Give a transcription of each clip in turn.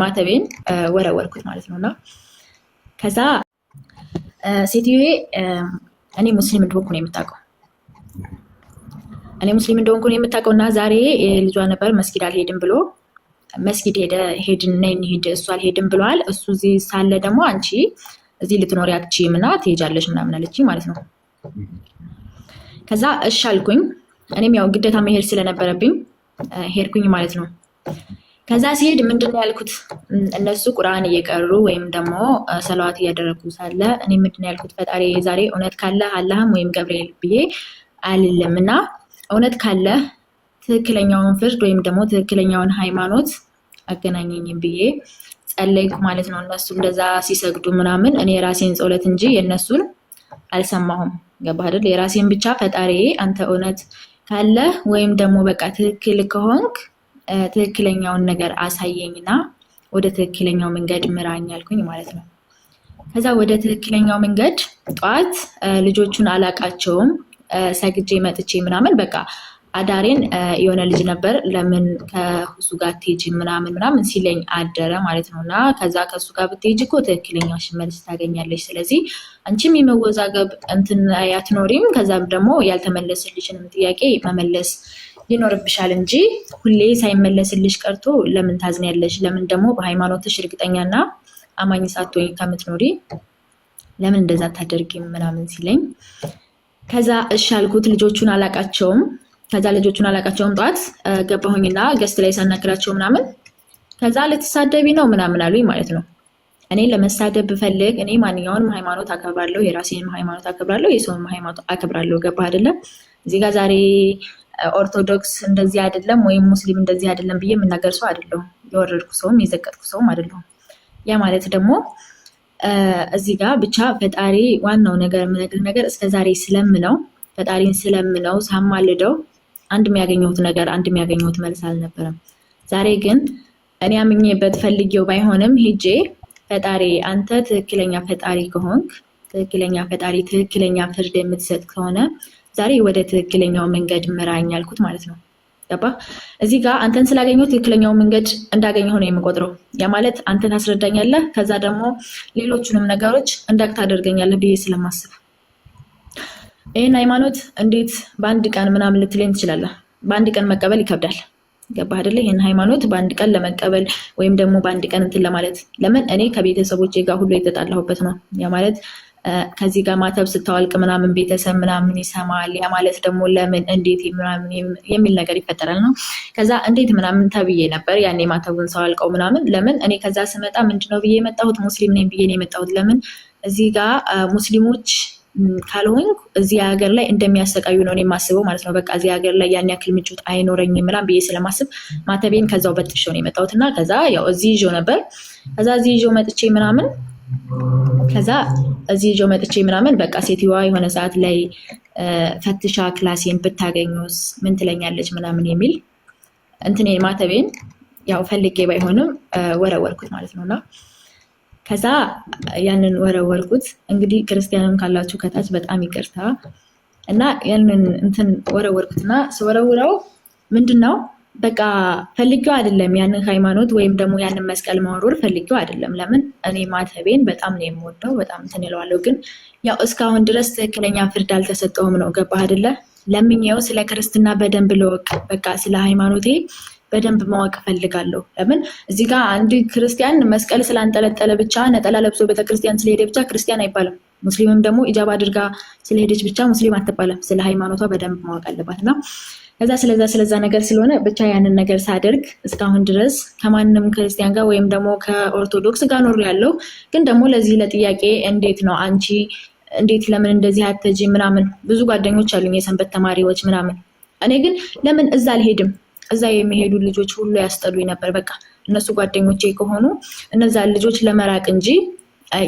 ማተቤን ወረወርኩት ማለት ነው እና ከዛ ሴትዮ እኔ ሙስሊም እንደሆንኩ ነው የምታውቀው እኔ ሙስሊም እንደሆንኩ ነው የምታውቀው እና ዛሬ ልጇ ነበር መስጊድ አልሄድም ብሎ መስጊድ ሄደ ሄድን ነይ እንሂድ እሱ አልሄድም ብለዋል እሱ እዚህ ሳለ ደግሞ አንቺ እዚህ ልትኖሪ አትችይም እና ትሄጃለሽ ምናምን ማለት ነው ከዛ እሺ አልኩኝ እኔም ያው ግዴታ መሄድ ስለነበረብኝ ሄድኩኝ ማለት ነው ከዛ ሲሄድ ምንድን ነው ያልኩት? እነሱ ቁርአን እየቀሩ ወይም ደግሞ ሰለዋት እያደረጉ ሳለ እኔ ምንድን ነው ያልኩት? ፈጣሪ ዛሬ እውነት ካለ አላህም ወይም ገብርኤል ብዬ አልልም እና እውነት ካለ ትክክለኛውን ፍርድ ወይም ደግሞ ትክክለኛውን ሃይማኖት አገናኘኝም ብዬ ጸለይኩ ማለት ነው። እነሱ እንደዛ ሲሰግዱ ምናምን እኔ የራሴን ጸሎት እንጂ የእነሱን አልሰማሁም። ገባህ አይደል? የራሴን ብቻ ፈጣሪ አንተ እውነት ካለ ወይም ደግሞ በቃ ትክክል ከሆንክ ትክክለኛውን ነገር አሳየኝና ወደ ትክክለኛው መንገድ ምራኝ አልኩኝ ማለት ነው። ከዛ ወደ ትክክለኛው መንገድ ጠዋት ልጆቹን አላቃቸውም ሰግጄ መጥቼ ምናምን በቃ አዳሬን የሆነ ልጅ ነበር ለምን ከሱ ጋር ትሄጂ ምናምን ምናምን ሲለኝ አደረ ማለት ነው። እና ከዛ ከሱ ጋር ብትሄጂ እኮ ትክክለኛው ሽመልስ ታገኛለች። ስለዚህ አንቺም የመወዛገብ እንትን አትኖሪም። ከዛም ደግሞ ያልተመለስልሽንም ጥያቄ መመለስ ይኖርብሻል እንጂ ሁሌ ሳይመለስልሽ ቀርቶ ለምን ታዝኛለሽ? ለምን ደግሞ በሃይማኖትሽ እርግጠኛና አማኝ ሳትሆኝ ከምትኖሪ ለምን እንደዛ ታደርግ ምናምን ሲለኝ ከዛ እሻልኩት ልጆቹን አላቃቸውም። ከዛ ልጆቹን አላቃቸውም። ጠዋት ገባሁኝና ገስት ላይ ሳናክላቸው ምናምን ከዛ ልትሳደቢ ነው ምናምን አሉኝ ማለት ነው። እኔ ለመሳደብ ብፈልግ እኔ ማንኛውንም ሃይማኖት አከብራለሁ፣ የራሴንም ሃይማኖት አከብራለሁ፣ የሰውንም ሃይማኖት አከብራለሁ። ገባ አይደለም? እዚህ ጋር ዛሬ ኦርቶዶክስ እንደዚህ አይደለም ወይም ሙስሊም እንደዚህ አይደለም ብዬ የምናገር ሰው አይደለሁም። የወረድኩ ሰውም የዘቀጥኩ ሰውም አይደለሁም። ያ ማለት ደግሞ እዚህ ጋር ብቻ ፈጣሪ ዋናው ነገር የምነግር ነገር እስከ ዛሬ ስለምነው ፈጣሪን ስለምነው ሳማልደው አንድ የሚያገኘሁት ነገር አንድ የሚያገኘሁት መልስ አልነበረም። ዛሬ ግን እኔ አምኜበት ፈልጌው ባይሆንም ሄጄ ፈጣሪ አንተ ትክክለኛ ፈጣሪ ከሆንክ ትክክለኛ ፈጣሪ ትክክለኛ ፍርድ የምትሰጥ ከሆነ ዛሬ ወደ ትክክለኛው መንገድ ምራኝ ያልኩት ማለት ነው። ገባ? እዚህ ጋር አንተን ስላገኘው ትክክለኛው መንገድ እንዳገኘ ሆነ የምቆጥረው። ያ ማለት አንተ ታስረዳኛለህ፣ ከዛ ደግሞ ሌሎቹንም ነገሮች እንዳቅ ታደርገኛለህ ብዬ ስለማስብ ይህን ሃይማኖት እንዴት በአንድ ቀን ምናምን ልትለኝ ትችላለህ። በአንድ ቀን መቀበል ይከብዳል። ገባ አይደለ? ይህን ሃይማኖት በአንድ ቀን ለመቀበል ወይም ደግሞ በአንድ ቀን እንትን ለማለት ለምን እኔ ከቤተሰቦቼ ጋር ሁሉ የተጣላሁበት ነው። ያ ማለት ከዚህ ጋር ማተብ ስታወልቅ ምናምን ቤተሰብ ምናምን ይሰማል። ያ ማለት ደግሞ ለምን እንዴት ምናምን የሚል ነገር ይፈጠራል ነው። ከዛ እንዴት ምናምን ተብዬ ነበር ያኔ ማተቡን ሳወልቀው ምናምን። ለምን እኔ ከዛ ስመጣ ምንድነው ብዬ የመጣሁት ሙስሊም ነኝ ብዬ ነው የመጣሁት። ለምን እዚህ ጋር ሙስሊሞች ካልሆኝ እዚህ ሀገር ላይ እንደሚያሰቃዩ ነው የማስበው ማለት ነው። በቃ እዚህ ሀገር ላይ ያን ያክል ምቾት አይኖረኝም ምናምን ብዬ ስለማስብ ማተቤን ከዛው በጥሼው ነው የመጣሁት እና ከዛ ያው እዚህ ይዤው ነበር። ከዛ እዚህ ይዤው መጥቼ ምናምን ከዛ እዚህ ጆ መጥቼ ምናምን በቃ ሴትዮዋ የሆነ ሰዓት ላይ ፈትሻ ክላሴን ብታገኙስ ምን ትለኛለች ምናምን የሚል እንትኔ ማተቤን ያው ፈልጌ ባይሆንም ወረወርኩት ማለት ነው። እና ከዛ ያንን ወረወርኩት። እንግዲህ ክርስቲያንም ካላችሁ ከታች በጣም ይቅርታ እና ያንን እንትን ወረወርኩትና ስወረውረው ምንድን ነው በቃ ፈልጌው አይደለም ያንን ሃይማኖት ወይም ደግሞ ያንን መስቀል ማውረድ ፈልጊው አይደለም። ለምን እኔ ማተቤን በጣም ነው የምወደው፣ በጣም ትንለዋለው። ግን ያው እስካሁን ድረስ ትክክለኛ ፍርድ አልተሰጠውም ነው። ገባህ አይደለ? ለምኜው ስለ ክርስትና በደንብ ለወቅ፣ በቃ ስለ ሃይማኖቴ በደንብ ማወቅ እፈልጋለሁ። ለምን እዚህ ጋር አንድ ክርስቲያን መስቀል ስላንጠለጠለ ብቻ ነጠላ ለብሶ ቤተክርስቲያን ስለሄደ ብቻ ክርስቲያን አይባልም። ሙስሊምም ደግሞ ኢጃብ አድርጋ ስለሄደች ብቻ ሙስሊም አትባልም። ስለ ሃይማኖቷ በደንብ ማወቅ አለባት እና ከዛ ስለዛ ስለዛ ነገር ስለሆነ ብቻ ያንን ነገር ሳደርግ እስካሁን ድረስ ከማንም ክርስቲያን ጋር ወይም ደግሞ ከኦርቶዶክስ ጋር ኖር ያለው ግን ደግሞ ለዚህ ለጥያቄ እንዴት ነው አንቺ እንዴት ለምን እንደዚህ አተጂ ምናምን ብዙ ጓደኞች አሉኝ የሰንበት ተማሪዎች ምናምን። እኔ ግን ለምን እዛ አልሄድም? እዛ የሚሄዱ ልጆች ሁሉ ያስጠሉኝ ነበር። በቃ እነሱ ጓደኞቼ ከሆኑ እነዛ ልጆች ለመራቅ እንጂ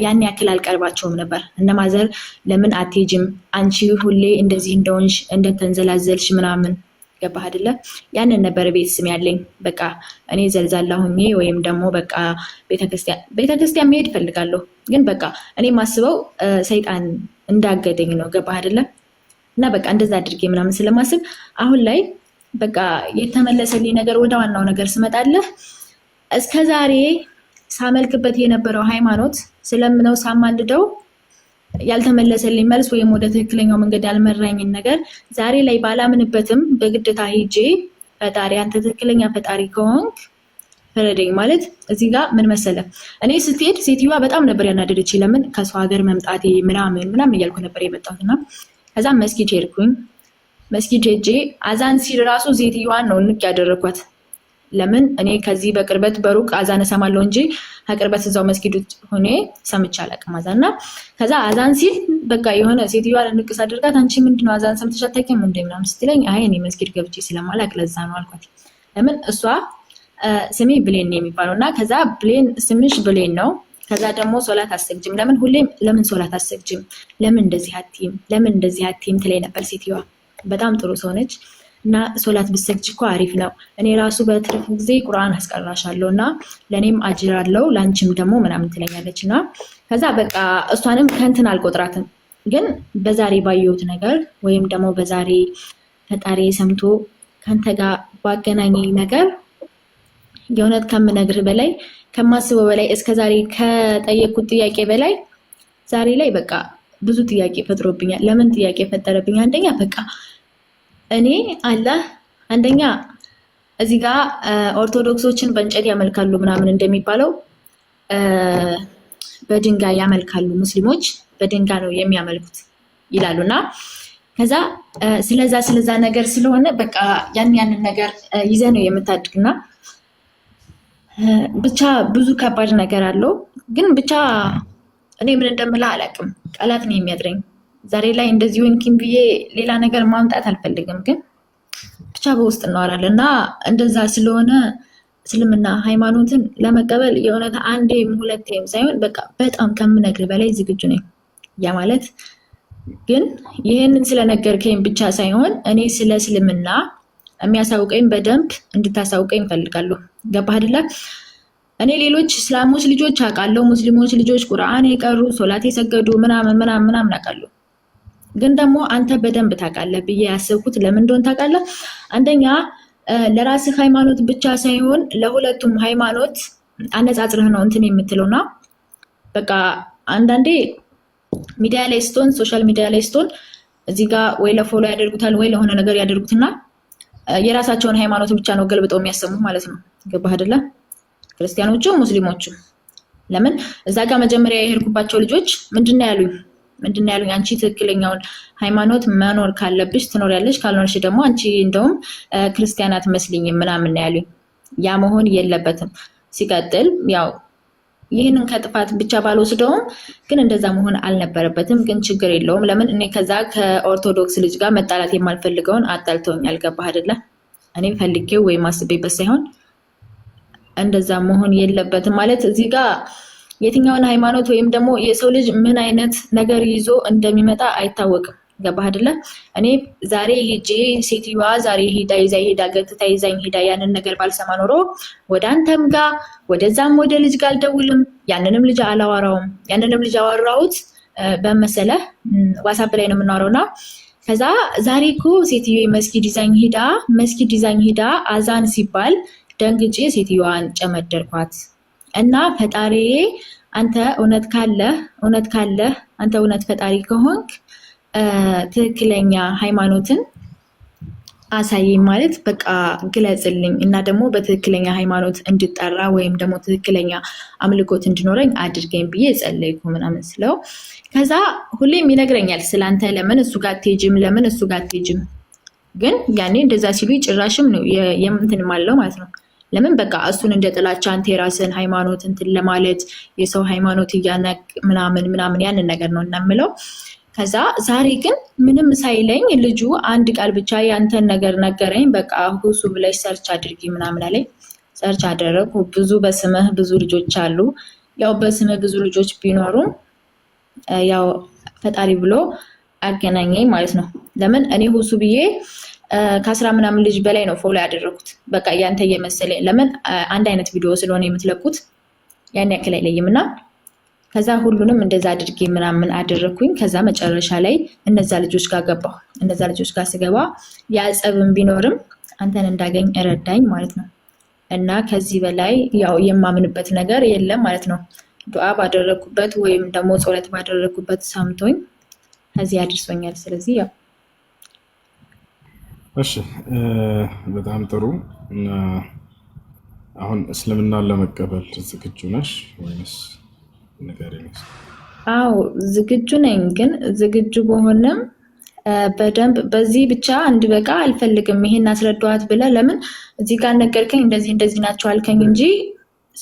ያን ያክል አልቀርባቸውም ነበር። ማዘር ለምን አትሄጂም አንቺ ሁሌ እንደዚህ እንደሆንሽ እንደተንዘላዘልሽ ምናምን ገባህ አደለ? ያንን ነበር ቤት ስም ያለኝ። በቃ እኔ ዘልዛላ ሁኜ ወይም ደግሞ በቃ ቤተክርስቲያን ቤተክርስቲያን መሄድ እፈልጋለሁ፣ ግን በቃ እኔ ማስበው ሰይጣን እንዳገደኝ ነው። ገባህ አደለ? እና በቃ እንደዛ አድርጌ ምናምን ስለማስብ አሁን ላይ በቃ የተመለሰልኝ ነገር ወደ ዋናው ነገር ስመጣለህ እስከ ዛሬ ሳመልክበት የነበረው ሃይማኖት ስለምነው ሳማልደው ያልተመለሰልኝ መልስ ወይም ወደ ትክክለኛው መንገድ ያልመራኝን ነገር ዛሬ ላይ ባላምንበትም በግደታ ሄጄ ፈጣሪ አንተ ትክክለኛ ፈጣሪ ከሆንክ ፈረደኝ ማለት እዚህ ጋር ምን መሰለ፣ እኔ ስትሄድ ሴትዮዋ በጣም ነበር ያናደደች። ለምን ከሰው ሀገር መምጣቴ ምናምን ምናምን እያልኩ ነበር የመጣሁት እና ከዛም መስጊድ ሄድኩኝ። መስጊድ ሄጄ አዛን ሲል ራሱ ሴትዮዋን ነው ንቅ ያደረኳት ለምን እኔ ከዚህ በቅርበት በሩቅ አዛን እሰማለሁ እንጂ ከቅርበት እዛው መስጊድ ውጭ ሆኔ ሰምቼ አላውቅም አዛን። እና ከዛ አዛን ሲል በቃ የሆነ ሴትዮዋ ንቅስ አድርጋት አንቺ ምንድነው አዛን ሰምተሽ አታውቂም እንደ ምናምን ስትለኝ አይ እኔ መስጊድ ገብቼ ስለማላውቅ ለዛ ነው አልኳት። ለምን እሷ ስሜ ብሌን ነው የሚባለው እና ከዛ ብሌን ስምሽ ብሌን ነው ከዛ ደግሞ ሶላት አሰግጅም ለምን ሁሌም ለምን ሶላት አሰግጅም ለምን እንደዚህ አትይም ለምን እንደዚህ አትይም ትለኝ ነበር ሴትዮዋ። በጣም ጥሩ ሰው ነች። እና ሶላት ብሰግጅ እኮ አሪፍ ነው። እኔ ራሱ በትርፍ ጊዜ ቁርአን አስቀራሻለሁ እና ለእኔም አጅር አለው ለአንቺም ደግሞ ምናምን ትለኛለች እና ከዛ በቃ እሷንም ከንትን አልቆጥራትም። ግን በዛሬ ባየሁት ነገር ወይም ደግሞ በዛሬ ፈጣሪ ሰምቶ ከንተ ጋር ባገናኘ ነገር የእውነት ከምነግርህ በላይ ከማስበው በላይ እስከ ዛሬ ከጠየቅኩት ጥያቄ በላይ ዛሬ ላይ በቃ ብዙ ጥያቄ ፈጥሮብኛል። ለምን ጥያቄ ፈጠረብኝ? አንደኛ በቃ እኔ አላህ አንደኛ እዚህ ጋር ኦርቶዶክሶችን በእንጨት ያመልካሉ ምናምን እንደሚባለው በድንጋይ ያመልካሉ፣ ሙስሊሞች በድንጋይ ነው የሚያመልኩት ይላሉ እና ከዛ ስለዛ ስለዛ ነገር ስለሆነ በቃ ያን ያንን ነገር ይዘ ነው የምታድግና ብቻ ብዙ ከባድ ነገር አለው። ግን ብቻ እኔ ምን እንደምላ አላውቅም፣ ቃላት ነው የሚያጥረኝ። ዛሬ ላይ እንደዚህ ወንኪም ብዬ ሌላ ነገር ማምጣት አልፈልግም፣ ግን ብቻ በውስጥ እናወራለን እና እንደዛ ስለሆነ እስልምና ሃይማኖትን ለመቀበል የእውነት አንዴም ሁለቴም ሳይሆን በቃ በጣም ከምነግር በላይ ዝግጁ ነኝ። ያ ማለት ግን ይህንን ስለነገርከኝ ብቻ ሳይሆን እኔ ስለ እስልምና የሚያሳውቀኝ በደንብ እንድታሳውቀኝ እፈልጋለሁ። ገባህ አይደለ? እኔ ሌሎች እስላሞች ልጆች አውቃለሁ፣ ሙስሊሞች ልጆች ቁርአን የቀሩ ሶላት የሰገዱ ምናምን ምናምን ምናምን አውቃለሁ ግን ደግሞ አንተ በደንብ ታውቃለህ ብዬ ያሰብኩት ለምን እንደሆን ታውቃለህ? አንደኛ ለራስህ ሃይማኖት ብቻ ሳይሆን ለሁለቱም ሃይማኖት አነጻጽርህ ነው እንትን የምትለውና በቃ አንዳንዴ ሚዲያ ላይ ስትሆን ሶሻል ሚዲያ ላይ ስትሆን እዚህ ጋር ወይ ለፎሎ ያደርጉታል ወይ ለሆነ ነገር ያደርጉትና የራሳቸውን ሃይማኖት ብቻ ነው ገልብጠው የሚያሰሙ ማለት ነው። ገባህ አይደለ? ክርስቲያኖቹ ሙስሊሞቹ። ለምን እዛ ጋር መጀመሪያ የሄድኩባቸው ልጆች ምንድን ነው ያሉኝ? ምንድን ያሉኝ አንቺ ትክክለኛውን ሃይማኖት መኖር ካለብሽ ያለሽ ካልኖርሽ ደግሞ አንቺ እንደውም ክርስቲያን አትመስልኝም ምናምን ያሉኝ። ያ መሆን የለበትም። ሲቀጥል ያው ይህንን ከጥፋት ብቻ ባልወስደውም ግን እንደዛ መሆን አልነበረበትም። ግን ችግር የለውም። ለምን እኔ ከዛ ከኦርቶዶክስ ልጅ ጋር መጣላት የማልፈልገውን አጣልተውኝ አልገባ አይደለ? እኔ ፈልጌው ወይም አስቤበት ሳይሆን እንደዛ መሆን የለበትም ማለት እዚህ ጋር የትኛውን ሃይማኖት ወይም ደግሞ የሰው ልጅ ምን አይነት ነገር ይዞ እንደሚመጣ አይታወቅም። ገባህ አይደለ? እኔ ዛሬ ሄጄ ሴትዮዋ ዛሬ ሄዳ ይዛ ሄዳ ገጥታ ይዛኝ ሄዳ ያንን ነገር ባልሰማ ኖሮ ወደ አንተም ጋ ወደዛም ወደ ልጅ ጋ አልደውልም፣ ያንንም ልጅ አላዋራውም። ያንንም ልጅ አዋራሁት በመሰለ ዋሳብ ላይ ነው የምናወራው እና ከዛ ዛሬ እኮ ሴትዮ መስጊድ ይዛኝ ሄዳ መስጊድ ይዛኝ ሄዳ አዛን ሲባል ደንግጬ ሴትዮዋን ጨመደርኳት። እና ፈጣሪዬ አንተ እውነት ካለህ እውነት ካለህ አንተ እውነት ፈጣሪ ከሆንክ ትክክለኛ ሃይማኖትን አሳየኝ ማለት በቃ ግለጽልኝ እና ደግሞ በትክክለኛ ሃይማኖት እንድጠራ ወይም ደግሞ ትክክለኛ አምልኮት እንዲኖረኝ አድርገኝ ብዬ ጸለይኩ ምናምን ስለው ከዛ ሁሌም ይነግረኛል ስለአንተ ለምን እሱ ጋር አትሄጂም ለምን እሱ ጋር አትሄጂም ግን ያኔ እንደዛ ሲሉ ጭራሽም ነው የምትንም አለው ማለት ነው ለምን በቃ እሱን እንደ ጥላቻ አንተ የራስን ሃይማኖት እንትን ለማለት የሰው ሃይማኖት እያነቅ ምናምን ምናምን ያንን ነገር ነው እናምለው። ከዛ ዛሬ ግን ምንም ሳይለኝ ልጁ አንድ ቃል ብቻ ያንተን ነገር ነገረኝ። በቃ ሁሱ ብለሽ ሰርች አድርጊ ምናምን አለኝ። ሰርች አደረግኩ። ብዙ በስምህ ብዙ ልጆች አሉ። ያው በስምህ ብዙ ልጆች ቢኖሩም ያው ፈጣሪ ብሎ አገናኘኝ ማለት ነው። ለምን እኔ ሁሱ ብዬ ከአስራ ምናምን ልጅ በላይ ነው ፎሎ ያደረኩት። በቃ ያንተ እየመሰለኝ ለምን አንድ አይነት ቪዲዮ ስለሆነ የምትለቁት ያን ያክል አይለይም እና ከዛ ሁሉንም እንደዛ አድርጌ ምናምን አደረግኩኝ። ከዛ መጨረሻ ላይ እነዛ ልጆች ጋር ገባሁ። እነዛ ልጆች ጋር ስገባ ያጸብም ቢኖርም አንተን እንዳገኝ እረዳኝ ማለት ነው እና ከዚህ በላይ ያው የማምንበት ነገር የለም ማለት ነው። ዱዓ ባደረግኩበት ወይም ደግሞ ጸሎት ባደረግኩበት ሰምቶኝ ከዚህ አድርሶኛል። ስለዚህ ያው እሺ በጣም ጥሩ። አሁን እስልምናን ለመቀበል ዝግጁ ነሽ ወይስ ንገሪኝ። አዎ ዝግጁ ነኝ፣ ግን ዝግጁ በሆነም በደንብ በዚህ ብቻ አንድ በቃ አልፈልግም። ይሄን አስረዳኋት ብለ ለምን እዚህ ጋር ነገርከኝ፣ እንደዚህ እንደዚህ ናቸው አልከኝ እንጂ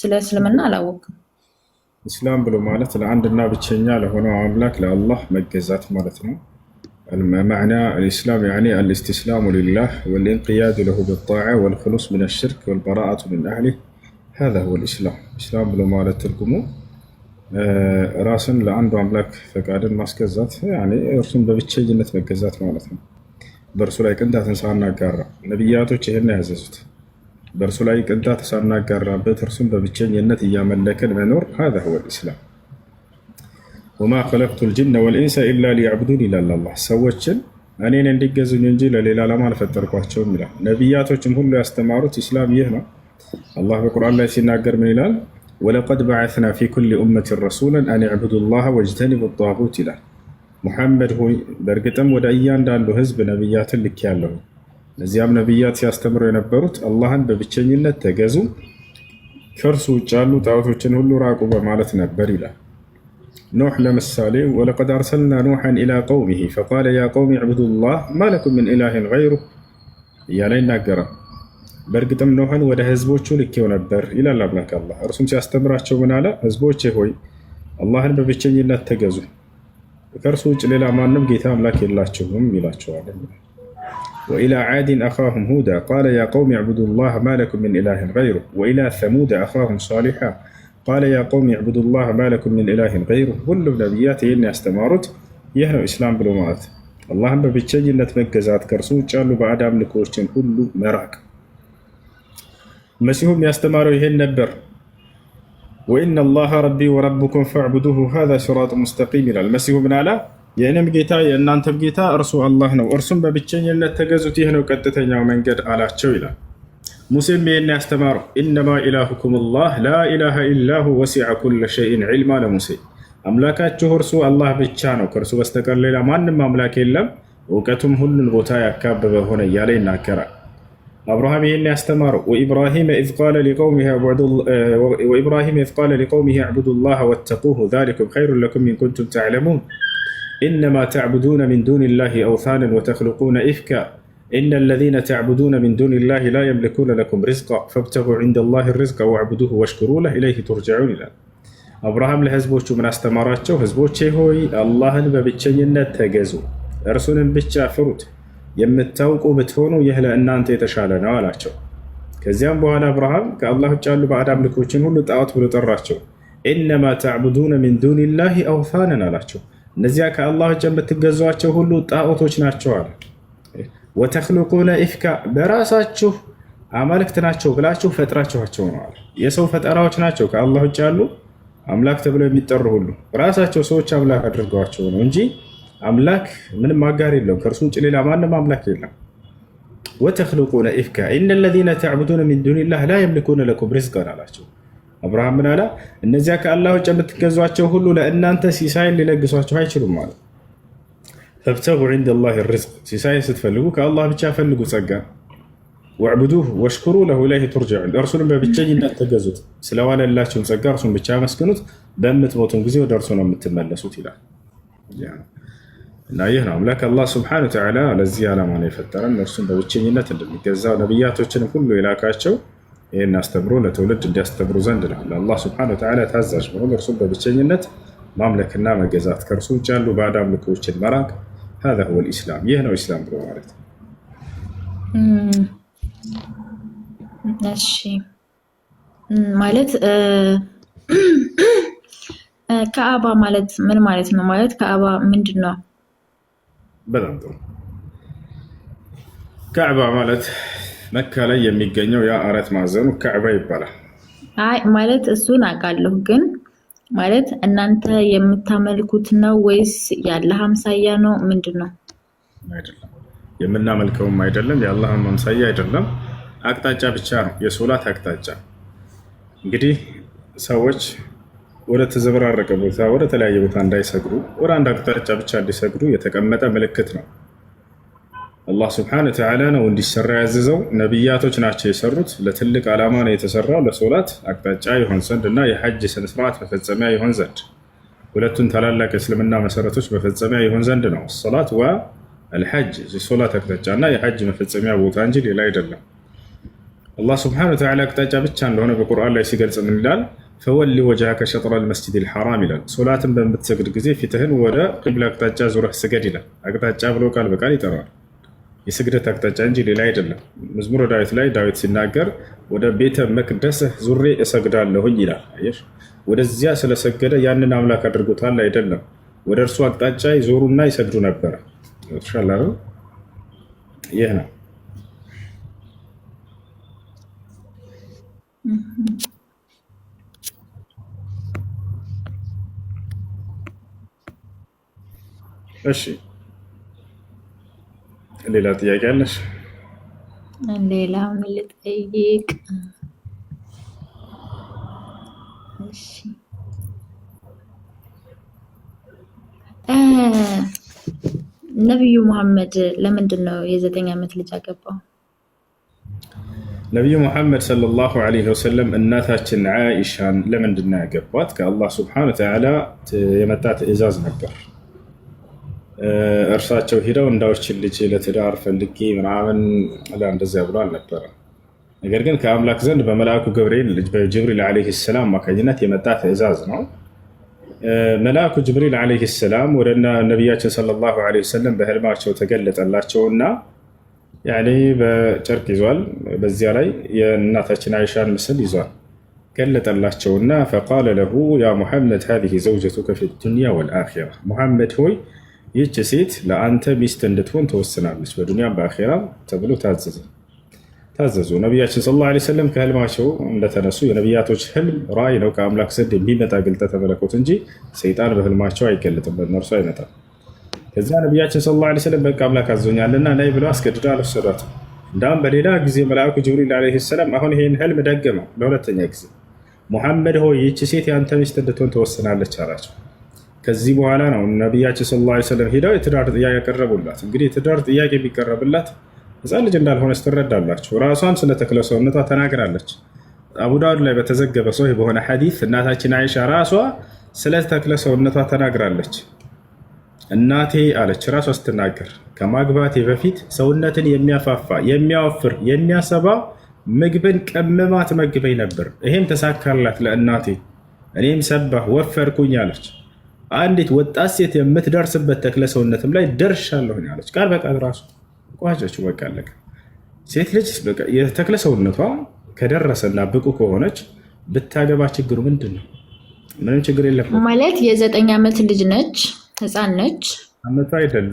ስለ እስልምና አላወቅም። ኢስላም ብሎ ማለት ለአንድና ብቸኛ ለሆነው አምላክ ለአላህ መገዛት ማለት ነው። معنى الإسلام يعني الاستسلام لله والانقياد له بالطاعة والخلوص من الشرك والبراءة من أهله هذا هو الإسلام إسلام لما لا ترقمو آه، راسن لأن بأملك فقاعد الماسك الزات يعني يرسم ببتشي جنة مكزات مالتهم برسولة كنت تنسانا قارة نبياتو تشهرنا عززت برسولة كنت تنسانا قارة بترسم ببتشي جنة يا ملك المنور هذا هو الإسلام ወማ ከለቅቱል ጅነ ወል ኢንሰ ኢላ ሊያዕቡዱን ይላል አላህ። ሰዎችን እኔን እንዲገዙኝ እንጂ ለሌላ ዓላማ አልፈጠርኳቸውም ይላል። ነቢያቶችም ሁሉ ያስተማሩት ኢስላም ይህ ነው። አላህ በቁርአን ላይ ሲናገር ምን ይላል? ወለቀድ በዓትና ፊ ኩሊ ኡመትን ረሱለን አን ዕቡዱ ላህ ወጅተኒቡ ጣጉት ይላል። ሙሐመድ ሆይ በእርግጥም ወደ እያንዳንዱ ህዝብ ነቢያትን ልኬያለሁ። እነዚያም ነቢያት ሲያስተምሩ የነበሩት አላህን በብቸኝነት ተገዙ፣ ከእርሱ ውጭ ያሉ ጣዖቶችን ሁሉ ራቁ በማለት ነበር ይላል። نوح لمسالي ولقد أرسلنا نوحا إلى قومه فقال يا قوم اعبدوا الله ما لكم من إله غيره يا لين نقرأ برقتم نوحا ولا هزبوچو لكيو نبر إلى الله الله رسول سياس تمراتشو من على هزبوچه هوي الله نبا بيشن ينا تقزو كرسوچ ليلا ما نم جيتا ملاك الله چوهم ملاچو وإلى عاد أخاهم هودا قال يا قوم اعبدوا الله ما لكم من إله غيره وإلى ثمود أخاهم صالحا ቃለ ያ ቆውም ዕቡዱላህ ማለኩም ሚን ኢላሂን ገይሩ። ሁሉም ነቢያት ይህን ያስተማሩት ይህ ነው ኢስላም ብሎ ማለት አላህን በብቸኝነት መገዛት፣ ከእርሱ ውጭ ያሉ ባዕድ አምልኮዎችን ሁሉ መራቅ። መሲሁም ያስተማረው ይሄን ነበር። ወኢነ አላህ ረቢ ወረቡኩም ፈዕቡዱሁ ሃዛ ሲራጡ ሙስተቂም ይላል። መሲሁ ምን አላ? የእኔም ጌታ የእናንተም ጌታ እርሱ አላህ ነው፣ እርሱም በብቸኝነት ተገዙት፣ ይህ ነው ቀጥተኛው መንገድ አላቸው ይላል። ሙሴም ይሄን ያስተማረው ኢነማ ኢላሁኩም አላህ ላ ኢላሃ ኢላሁ ወሲዐ ኩለ ሸይን ዒልማ ለሙሴ አምላካችሁ እርሱ አላህ ብቻ ነው፣ ከእርሱ በስተቀር ሌላ ማንም አምላክ የለም፣ እውቀቱም ሁሉን ቦታ ያካበበ ሆነ እያለ ይናገራል። አብርሃም ይህን ያስተማረው ወኢብራሂም ኢዝ ቃለ ሊቀውሚሂ አዕቡዱ ላህ ወተቁሁ ዛሊኩም ኸይሩን ለኩም ኢን ኩንቱም ተዕለሙን ኢነማ ተዕቡዱነ ሚን ዱኒ ላሂ አውሳንን ወተኽልቁነ ኢፍካ إن الذين تعبدون من دون الله لا يملكون لكم رزقا فابتغوا عند الله الرزق واعبدوه واشكروا له إليه ترجعون ይላል። አብርሃም ለህዝቦቹ ምን አስተማራቸው? ህዝቦቼ ሆይ አላህን በብቸኝነት ተገዙ፣ እርሱንም ብቻ ፍሩት፣ የምታውቁ ብትሆኑ ይህ ለእናንተ የተሻለ ነው አላቸው። ከዚያም በኋላ አብርሃም ከአላህ ውጭ ያሉ ባዕድ አምልኮችን ሁሉ ጣዖት ብሎ ጠራቸው። ኢነማ ተዕቡዱነ ሚን ዱኒላሂ አውሳንን አላቸው። እነዚያ ከአላህ ውጭ የምትገዟቸው ሁሉ ጣዖቶች ናቸው አለ። ወተክልቁነ ለኢፍካ በራሳችሁ አማልክት ናቸው ብላችሁ ፈጥራችኋቸው ነው። የሰው ፈጠራዎች ናቸው ከአላህ ውጭ ያሉ አምላክ ተብለው የሚጠሩ ሁሉ ራሳቸው ሰዎች አምላክ አድርገዋቸው ነው እንጂ አምላክ ምንም አጋር የለውም። ከእርሱ ውጭ ሌላ ማንም አምላክ የለም። ወተክልቁነ ለኢፍካ ኢነ ለዚነ ተዕቡዱነ ሚን ዱኒላህ ላ የምልኩነ ለኩም ሪዝቀን አላቸው። አብርሃም ምን አላ? እነዚያ ከአላህ ውጭ የምትገዟቸው ሁሉ ለእናንተ ሲሳይን ሊለግሷቸው አይችሉም ማለት እብተጉ ዐንደ ላሂ ርዝቅ ሲሳይ ስትፈልጉ ከአላህ ብቻ ፈልጉ ጸጋ ወዕቡዱህ ወሽኩሩ ለሁ ኢለይሂ ቱርጀዑን እርሱንም በብቸኝነት ተገዙት ስለዋለላችሁም ጸጋ እርሱን ብቻ አመስግኑት በምትሞቱም ጊዜ ወደ እርሱ ነው የምትመለሱት ይላል እና ይህ ነው አምላክ አላህ ስብሐነሁ ወተዓላ ለዚህ ዓላማ ነው የፈጠረን እርሱን በብቸኝነት እንደሚገዛ ነቢያቶችንም ሁሉ የላካቸው ይህን አስተምሮ ለትውልድ እንዲያስተምሩ ዘንድ ነው ለአላህ ስብሐነሁ ወተዓላ ታዛዥ መሆን እርሱን በብቸኝነት ማምለክና መገዛት ከእርሱ ውጭ ያሉ ባዕድ አምልኮችን መራቅ ሀዛ ሁወ ልኢስላም ይህ ነው ኢስላም ብሎ ማለት ነው። እሺ ማለት ከአባ ማለት ምን ማለት ነው? ማለት ከአባ ምንድን ነው? በጣም ጥሩ። ከዕባ ማለት መካ ላይ የሚገኘው ያ ማዕዘኑ ከዕባ ይባላል። አይ ማለት እሱን አውቃለሁ ግን ማለት እናንተ የምታመልኩት ነው ወይስ የአላህ አምሳያ ነው? ምንድን ነው? የምናመልከውም አይደለም የአላህም አምሳያ አይደለም። አቅጣጫ ብቻ ነው፣ የሶላት አቅጣጫ። እንግዲህ ሰዎች ወደ ተዘበራረቀ ቦታ፣ ወደ ተለያየ ቦታ እንዳይሰግዱ ወደ አንድ አቅጣጫ ብቻ እንዲሰግዱ የተቀመጠ ምልክት ነው። አላህ ስብሓን ወተዓላ ነው እንዲሰራ ያዘዘው። ነቢያቶች ናቸው የሰሩት። ለትልቅ ዓላማ ነው የተሰራው፣ ለሶላት አቅጣጫ ይሆን ዘንድ እና የሐጅ ስነስርዓት መፈጸሚያ ይሆን ዘንድ ሁለቱን ታላላቅ የእስልምና መሰረቶች መፈጸሚያ ይሆን ዘንድ ነው። ሶላት ዋ አልሐጅ የሶላት አቅጣጫ እና የሐጅ መፈጸሚያ ቦታ እንጂ ሌላ አይደለም። አላህ ስብሓን ወተዓላ አቅጣጫ ብቻ እንደሆነ በቁርአን ላይ ሲገልጽ ምን ይላል? ፈወሊ ወጅሃከ ሸጥረ ልመስጂድ ልሐራም ይላል። ሶላትን በምትሰግድ ጊዜ ፊትህን ወደ ቅብላ አቅጣጫ ዙረህ ስገድ ይላል። አቅጣጫ ብሎ ቃል በቃል ይጠራዋል። የስግደት አቅጣጫ እንጂ ሌላ አይደለም። መዝሙረ ዳዊት ላይ ዳዊት ሲናገር ወደ ቤተ መቅደስህ ዙሬ እሰግዳለሁኝ ይላል። አየሽ፣ ወደዚያ ስለሰገደ ያንን አምላክ አድርጎታል አይደለም። ወደ እርሱ አቅጣጫ ይዞሩና ይሰግዱ ነበረ። ሻላ ይህ ነው። እሺ الليلة تجيك علاش؟ الليلة ملي تجيك آه. نبي محمد لمن دنو يزدن عمت لجاكبا نبي محمد صلى الله عليه وسلم الناس عائشان لمن دنا قبات الله سبحانه وتعالى يمتعت إزاز نقر እርሳቸው ሂደው እንዳዎችን ልጅ ለትዳር ፈልጌ ምናምን እንደዚያ ብሎ አልነበረም። ነገር ግን ከአምላክ ዘንድ በመልአኩ ገብርኤል በጅብሪል ዓለይሂ ሰላም አማካኝነት የመጣ ትእዛዝ ነው። መልአኩ ጅብሪል ዓለይሂ ሰላም ወደ ነቢያችን ሰለላሁ ዓለይሂ ወሰለም በህልማቸው ተገለጠላቸውና ያኔ በጨርቅ ይዟል። በዚያ ላይ የእናታችን አይሻን ምስል ይዟል። ገለጠላቸውና ፈቃለ ለሁ ያ ሙሐመድ ሀዚህ ዘውጀቱ ፊ ዱንያ ወልአኺራ ሙሐመድ ሆይ ይህች ሴት ለአንተ ሚስት እንድትሆን ተወስናለች፣ በዱንያም በአኼራ ተብሎ ታዘዘ ታዘዙ። ነቢያችን ሰለላሁ ዓለይሂ ወሰለም ከህልማቸው እንደተነሱ የነቢያቶች ህልም ራእይ ነው ከአምላክ ዘንድ የሚመጣ ግልጠተ መለኮት እንጂ ሰይጣን በህልማቸው አይገለጥም፣ በእነርሱ አይመጣም። ከዚያ ነቢያችን ሰለላሁ ዓለይሂ ወሰለም በቃ አምላክ አዞኛልና ነይ ብሎ አስገድዶ አልወሰዷትም። እንዳውም በሌላ ጊዜ መልአኩ ጅብሪል ዓለይሂ ሰላም አሁን ይሄን ህልም ደገመው ለሁለተኛ ጊዜ። ሙሐመድ ሆይ ይህች ሴት የአንተ ሚስት እንድትሆን ተወስናለች አላቸው። ከዚህ በኋላ ነው ነቢያችን ስለ ላ ስለም ሄደው የትዳር ጥያቄ ያቀረቡላት። እንግዲህ የትዳር ጥያቄ ቢቀረብላት ህፃን ልጅ እንዳልሆነ ስትረዳላቸው ራሷን ስለ ተክለ ሰውነቷ ተናግራለች። አቡዳዱ ላይ በተዘገበ ሰው በሆነ ሐዲስ እናታችን አይሻ ራሷ ስለ ተክለ ሰውነቷ ተናግራለች። እናቴ አለች ራሷ ስትናገር ከማግባቴ በፊት ሰውነትን የሚያፋፋ የሚያወፍር የሚያሰባ ምግብን ቀምማ ትመግበኝ ነበር። ይሄም ተሳካላት ለእናቴ እኔም ሰባህ ወፈርኩኝ አለች። አንዲት ወጣት ሴት የምትደርስበት ተክለ ሰውነትም ላይ ደርሻለሁ ያለች ቃል በቃል ራሱ ቋጫች በቃ አለቀ። ሴት ልጅ የተክለ የተክለሰውነቷ ከደረሰና ብቁ ከሆነች ብታገባ ችግሩ ምንድን ነው? ምንም ችግር የለም ማለት የዘጠኝ ዓመት ልጅ ነች፣ ህፃን ነች።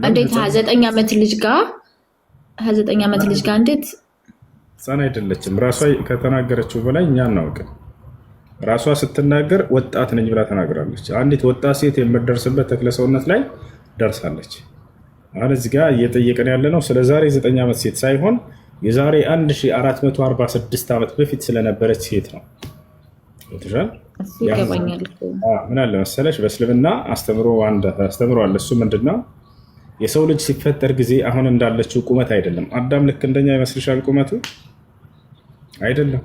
እንዴት ዘጠኝ ዓመት ልጅ ጋር ከዘጠኝ ዓመት ልጅ ጋር እንዴት ህፃን አይደለችም። ራሷ ከተናገረችው በላይ እኛ እናውቅም። ራሷ ስትናገር ወጣት ነኝ ብላ ተናግራለች። አንዲት ወጣት ሴት የምትደርስበት ሰውነት ላይ ደርሳለች። አሁን እዚህ ጋር እየጠየቀን ያለ ነው ስለ ዛሬ 9 ዓመት ሴት ሳይሆን የዛሬ 1446 ዓመት በፊት ስለነበረች ሴት ነው። ምን አለ መሰለሽ በእስልምና አስተምሮ አለ። እሱ ምንድነው የሰው ልጅ ሲፈጠር ጊዜ አሁን እንዳለችው ቁመት አይደለም። አዳም ልክ እንደኛ ይመስልሻል? ቁመቱ አይደለም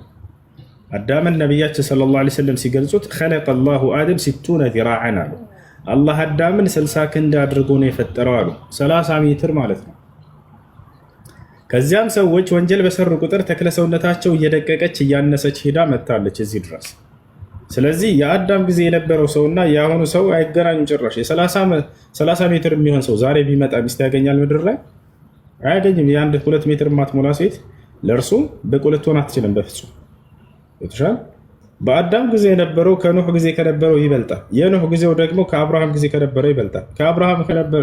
አዳምን ነቢያችን ሰለላሁ ዓለይሂ ወሰለም ሲገልጹት ኸለቀ ላሁ አደም ሲቱነ ዚራዐን አሉ። አላህ አዳምን ስልሳ ክንድ አድርጎ ነው የፈጠረው አሉ። ሰላሳ ሜትር ማለት ነው። ከዚያም ሰዎች ወንጀል በሰሩ ቁጥር ተክለሰውነታቸው እየደቀቀች እያነሰች ሄዳ መጥታለች እዚህ ድረስ። ስለዚህ የአዳም ጊዜ የነበረው ሰውና የአሁኑ ሰው አይገናኙ ጭራሽ። ሜትር የሚሆን ሰው ዛሬ ቢመጣ ሚስት ያገኛል ምድር ላይ አያገኝም። የአንድ ሁለት ሜትር ማትሞላ ሴት ለእርሱ ብቁ ልትሆን አትችልም በፍጹም። ይሻል በአዳም ጊዜ የነበረው ከኖህ ጊዜ ከነበረው ይበልጣል። የኖህ ጊዜው ደግሞ ከአብርሃም ጊዜ ከነበረው ይበልጣል። ከአብርሃም ከነበረ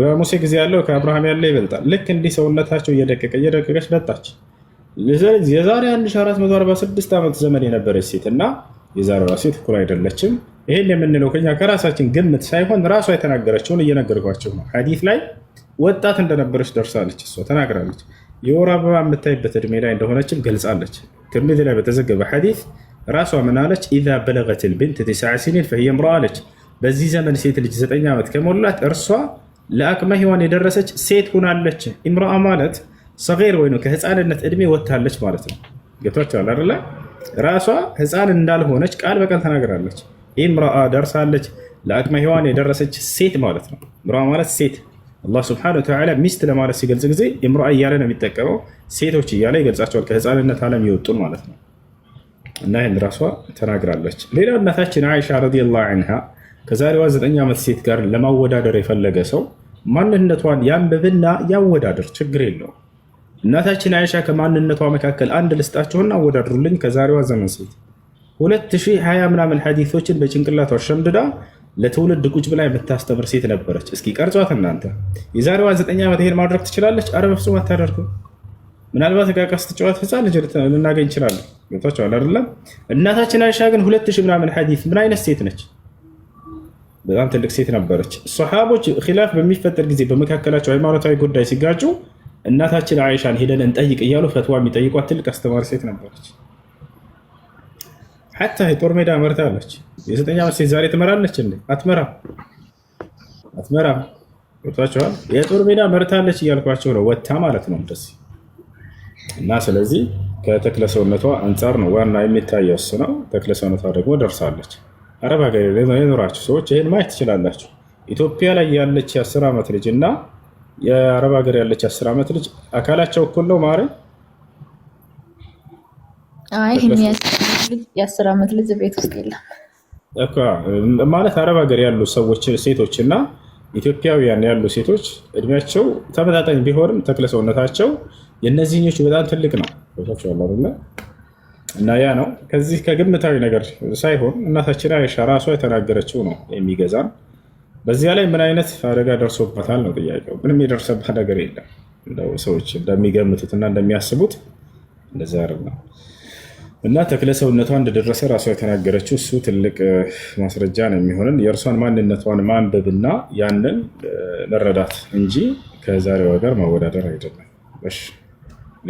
በሙሴ ጊዜ ያለው ከአብርሃም ያለው ይበልጣል። ልክ እንዲህ ሰውነታቸው እየደቀቀ እየደቀቀች መጣች። የዛሬ 1446 ዓመት ዘመን የነበረች ሴት እና የዛሬዋ ሴት እኩል አይደለችም። ይህን የምንለው ከኛ ከራሳችን ግምት ሳይሆን ራሷ የተናገረችውን እየነገርኳቸው ነው። ሐዲት ላይ ወጣት እንደነበረች ደርሳለች፣ እሷ ተናግራለች። የወር አበባ የምታይበት እድሜ ላይ እንደሆነችም ገልጻለች። ትርሚዚ ላይ በተዘገበ ሐዲስ ራሷ ምን አለች? ኢዛ በለገትል ብንት ቲስዓ ሲኒን ፈሂየ ምራ አለች። በዚህ ዘመን ሴት ልጅ ዘጠኝ ዓመት ከሞላት እርሷ ለአቅመ ሔዋን የደረሰች ሴት ሆናለች ኢምራአ ማለት ሰጌር ወይ ከህፃንነት እድሜ ወታለች ማለት ነው። ገብቷቸዋል አይደለ? ራሷ ህፃን እንዳልሆነች ቃል በቃል ተናግራለች። ኢምራአ ደርሳለች፣ ለአቅመ ሔዋን የደረሰች ሴት ማለት ነው። ኢምራአ ማለት ሴት አላህ ስብሐነሁ ወተዓላ ሚስት ለማለት ሲገልጽ ጊዜ እምራ እያለ ነው የሚጠቀመው። ሴቶች እያለ ይገልጻቸዋል። ከህፃንነት ዓለም የወጡን ማለት ነው። እና ይህን ራሷ ተናግራለች። ሌላ እናታችን አይሻ ረዲየላሁ አንሃ ከዛሬዋ ዘጠኝ ዓመት ሴት ጋር ለማወዳደር የፈለገ ሰው ማንነቷን ያንብብና ያወዳደር፣ ችግር የለው። እናታችን አይሻ ከማንነቷ መካከል አንድ ልስጣችሁና አወዳድሩልኝ ከዛሬዋ ዘመን ሴት 2020 ምናምን ሐዲሶችን በጭንቅላቷ ሸምድዳ ለትውልድ ቁጭ ብላ የምታስተምር ሴት ነበረች። እስኪ ቀርጿት እናንተ። የዛሬዋ ዘጠኝ ዓመት ይሄን ማድረግ ትችላለች? አረ በፍጹም አታደርግም። ምናልባት እቃ ስትጫወት ህፃን ልጅ ልናገኝ እንችላለን። ገብቷቸዋል አይደለም? እናታችን አይሻ ግን ሁለት ሺህ ምናምን ሐዲስ ምን አይነት ሴት ነች? በጣም ትልቅ ሴት ነበረች። ሰሓቦች ኪላፍ በሚፈጠር ጊዜ በመካከላቸው ሃይማኖታዊ ጉዳይ ሲጋጩ እናታችን አይሻን ሄደን እንጠይቅ እያሉ ፈትዋ የሚጠይቋት ትልቅ አስተማሪ ሴት ነበረች። ሐታ የጦር ሜዳ መርታለች። የዘጠኝ ዓመት ሴት ዛሬ ትመራለች እንዴ? አትመራም፣ አትመራም። ወጥቷቸዋል። የጦር ሜዳ መርታለች እያልኳቸው ነው። ወታ ማለት ነው ደስ እና ስለዚህ ከተክለ ሰውነቷ አንጻር ነው ዋና የሚታየው እሱ ነው። ተክለ ሰውነቷ ደግሞ ደርሳለች። አረብ ሀገር የኖራችሁ ሰዎች ይህን ማየት ትችላላችሁ። ኢትዮጵያ ላይ ያለች የአስር ዓመት ልጅ እና የአረብ ሀገር ያለች የአስር ዓመት ልጅ አካላቸው እኩል ነው ማረኝ። የአስር ዓመት ልጅ ቤት ውስጥ የለም ማለት አረብ ሀገር ያሉ ሰዎች ሴቶች እና ኢትዮጵያውያን ያሉ ሴቶች እድሜያቸው ተመጣጣኝ ቢሆንም ተክለ ሰውነታቸው የእነዚህኞቹ በጣም ትልቅ ነው። እና ያ ነው ከዚህ ከግምታዊ ነገር ሳይሆን እናታችን አይሻ ራሷ የተናገረችው ነው የሚገዛን። በዚያ ላይ ምን አይነት አደጋ ደርሶበታል ነው ጥያቄው። ምንም የደርሰባት ነገር የለም። ሰዎች እንደሚገምቱት እና እንደሚያስቡት እንደዚያ ነው። እና ተክለ ሰውነቷ እንደደረሰ ራሷ የተናገረችው እሱ ትልቅ ማስረጃ ነው የሚሆንን የእርሷን ማንነቷን ማንበብና ያንን መረዳት እንጂ ከዛሬዋ ጋር ማወዳደር አይደለም። እሺ፣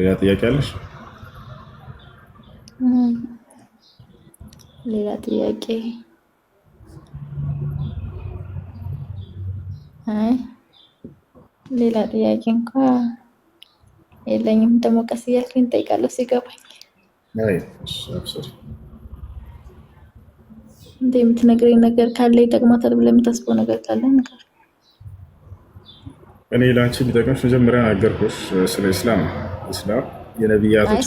ሌላ ጥያቄ አለሽ? ሌላ ጥያቄ ሌላ ጥያቄ እንኳ የለኝም። ደግሞ ቀስ እያልኩኝ እንጠይቃለሁ ሲገባኝ እንደ የምትነግረኝ ነገር ካለ ይጠቅማታል ብለህ የምታስበው ነገር ካለ ንገር። እኔ ለአንቺ ቢጠቅምሽ መጀመሪያ ነገርኩሽ ስለ እስላም እስላም የነቢያቶች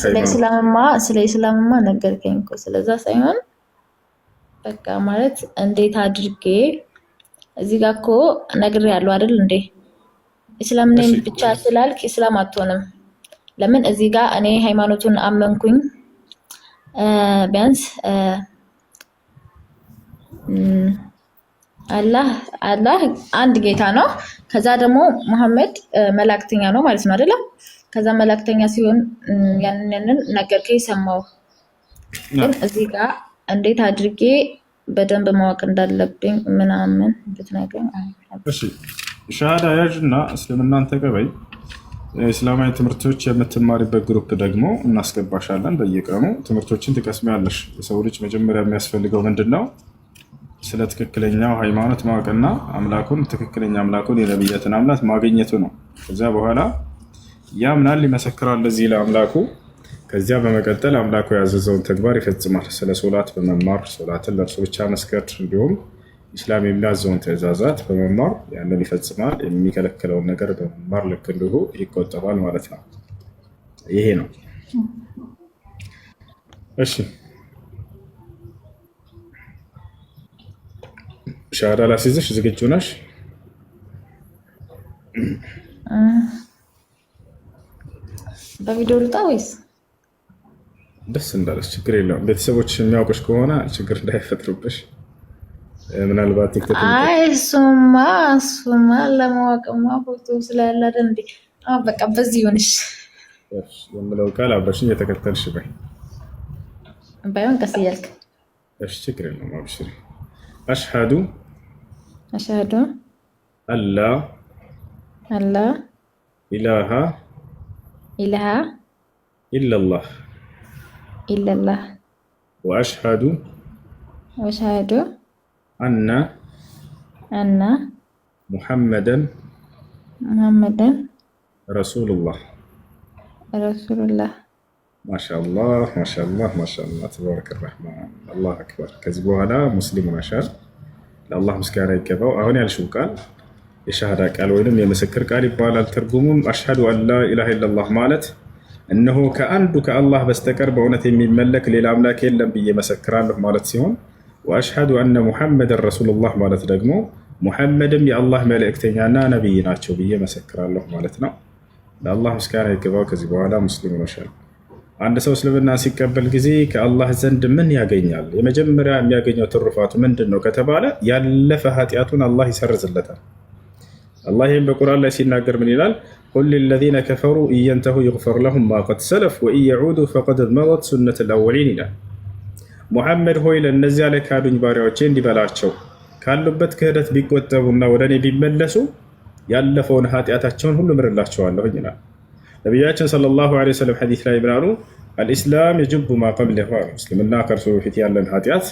ስለ እስላምማ ነገርከኝ እኮ ስለዛ ሳይሆን በቃ ማለት እንዴት አድርጌ እዚህ ጋር እኮ ነግሬሃለሁ አይደል እንዴ እስላም ብቻ ስላልክ እስላም አትሆንም ለምን እዚህ ጋር እኔ ሃይማኖቱን አመንኩኝ ቢያንስ አላህ አንድ ጌታ ነው። ከዛ ደግሞ መሐመድ መላእክተኛ ነው ማለት ነው አይደለም? ከዛ መላእክተኛ ሲሆን ያንን ያንን ነገር ከሰማው ግን እዚህ ጋር እንዴት አድርጌ በደንብ ማወቅ እንዳለብኝ ምናምን ብትነግረኝ። እሺ ሻሃዳ ያዥና እስልምናን ተቀበይ የእስላማዊ ትምህርቶች የምትማሪበት ግሩፕ ደግሞ እናስገባሻለን። በየቀኑ ትምህርቶችን ትቀስሚያለሽ። የሰው ልጅ መጀመሪያ የሚያስፈልገው ምንድን ነው? ስለ ትክክለኛው ሃይማኖት ማወቅና አምላኩን ትክክለኛ አምላኩን የነብያትን አምላት ማግኘቱ ነው። ከዚያ በኋላ ያምናል፣ ይመሰክራል ለዚህ ለአምላኩ። ከዚያ በመቀጠል አምላኩ ያዘዘውን ተግባር ይፈጽማል። ስለ ሶላት በመማር ሶላትን ለእርሱ ብቻ መስገድ እንዲሁም ኢስላም የሚያዘውን ትዕዛዛት በመማር ያንን ይፈጽማል። የሚከለክለውን ነገር በመማር ልክ እንዲሁ ይቆጠባል ማለት ነው። ይሄ ነው። እሺ ሻሃዳ ላሲዝሽ ዝግጁ ነሽ? በቪዲዮ ወይስ ደስ እንዳለች ችግር የለውም። ቤተሰቦች የሚያውቁሽ ከሆነ ችግር እንዳይፈጥሩብሽ ምናልባት እሱማ እሱማ ለማወቅማ ፎቶ ስላለ አይደል እንዴ? በቃ በዚህ ይሆንሽ የምለው ቃል አብረሽኝ የተከተልሽ በይ ባይሆን ቀስ እያልክ እሺ፣ ችግር የለውም አብሽሪ። አሽሃዱ አሽሃዱ አላ አላ ኢላሃ ኢላሃ ኢለላህ ኢለላህ ወአሽሃዱ ወአሽሃዱ أن أن محمدا محمدا رسول الله رسول الله ما شاء الله ما شاء الله ما شاء الله تبارك الرحمن الله أكبر كذبوا على مسلم ما شاء الله الله مسكارا يكبوا أهوني على شو قال الشهادة قال وينم يا مسكر قال يبال الترجم أشهد أن لا إله إلا الله مالت أنه كأن كأنك الله بستكر بونتي من ملك للأملاك إلا بي مسكران له مالت سيهون ወአሽሐዱ አነ ሙሐመድን ረሱሉላህ ማለት ደግሞ ሙሐመድም የአላህ መልእክተኛና ነቢይ ናቸው ብዬ መሰክራለሁ ማለት ነው። ለአላህ ምስጋና ይገባው። ከዚህ በኋላ ሙስሊም ሆነሻል። አንድ ሰው እስልምና ሲቀበል ጊዜ ከአላህ ዘንድ ምን ያገኛል? የመጀመሪያ የሚያገኘው ትሩፋቱ ምንድን ነው ከተባለ ያለፈ ኃጢአቱን አላህ ይሰርዝለታል። አላህ ይህም በቁርአን ላይ ሲናገር ምን ይላል? ቁል ሊለዚነ ከፈሩ እየንተሁ ይግፈር ለሁም ማ ቀድ ሰለፍ ወኢን ፈቀድ መደት ሱነት አልአወሊን ይላል። ሙሐመድ ሆይ ለእነዚያ ካዱኝ ባሪያዎቼ እንዲበላቸው ካሉበት ክህደት ቢቆጠቡና ወደ እኔ ቢመለሱ ያለፈውን ኃጢአታቸውን ሁሉ ምርላቸዋለሁ ይላል ነቢያችን ሰለላሁ ዐለይሂ ወሰለም ሐዲስ ላይ ምናሉ አልኢስላም የጅቡ ማቀብለሁ አሉ እስልምና ከእርሱ በፊት ያለን ኃጢአት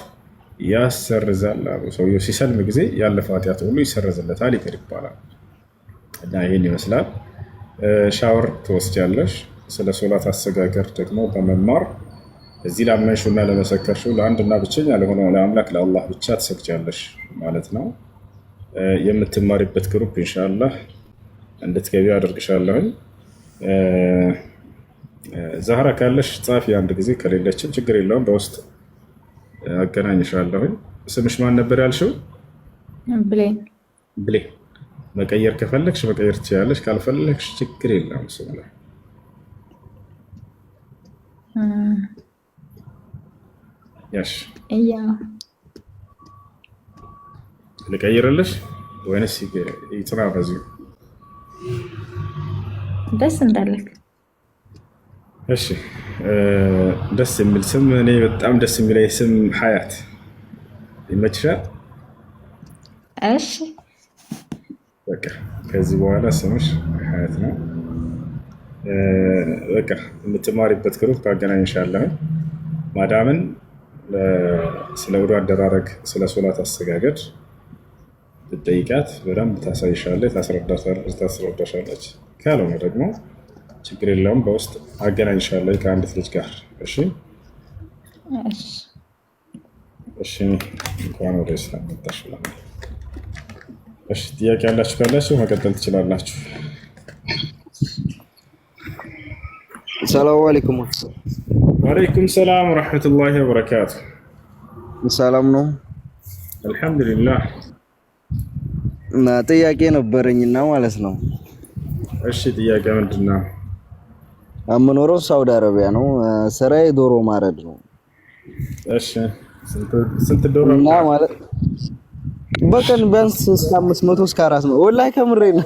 ያሰርዛል አሉ ሰውየው ሲሰልም ጊዜ ያለፈው ኃጢአት ሁሉ ይሰረዝለታል ይቅር ይባላል እና ይህን ይመስላል ሻወር ትወስጃለሽ ስለ ሶላት አሰጋገር ደግሞ በመማር እዚህ ላመንሽውና ለመሰከርሽው ለአንድና ብቸኛ ለሆነው ለአምላክ ለአላህ ብቻ ትሰግጃለሽ ማለት ነው። የምትማሪበት ግሩፕ ኢንሻላህ እንድትገቢ አደርግሻለሁኝ። ዛህራ ካለሽ ጻፊ አንድ ጊዜ፣ ከሌለችም ችግር የለውም በውስጥ አገናኝሻለሁኝ። ስምሽ ማን ነበር ያልሽው? ብሌን መቀየር ከፈለግሽ መቀየር ትችያለሽ፣ ካልፈለግሽ ችግር የለም? ስም ላይ ልቀይርልሽ ወይንስ ይጽና በዚሁ ደስ እንዳለክ? እሺ ደስ የሚል ስም እኔ በጣም ደስ የሚለኝ ስም ሀያት ይመችሻል? እሺ በቃ ከዚህ በኋላ ስምሽ ሀያት ነው። በቃ የምትማሪበት ግሩፕ አገናኝሻለሁ ማዳምን ስለ ውዱ አደራረግ፣ ስለ ሶላት አሰጋገድ ብጠይቃት በደንብ ታሳይሻለች፣ ታስረዳሻለች። ካልሆነ ደግሞ ችግር የለውም በውስጥ አገናኝሻለች ከአንዲት ልጅ ጋር። እሺ እሺ። እንኳን ወደ ስላም መጣሽ። እሺ፣ ጥያቄ ያላችሁ ካላችሁ መቀጠል ትችላላችሁ። ሰላሙ አለይኩም ወአለይኩም ሰላም ወረሕመቱላሂ ወበረካቱ። ሰላም ነው። አልሐምዱሊላህ። እና ጥያቄ ነበረኝና ማለት ነው። እሺ፣ ጥያቄ ምንድን ነው? የምኖረው ሳውዲ አረቢያ ነው። ስራዬ ዶሮ ማረድ ነው። እሺ፣ ስንት ዶሮ እና ማለት በቀን ቢያንስ እስከ 500 እስከ 400 ወላሂ ከምሬ ነው።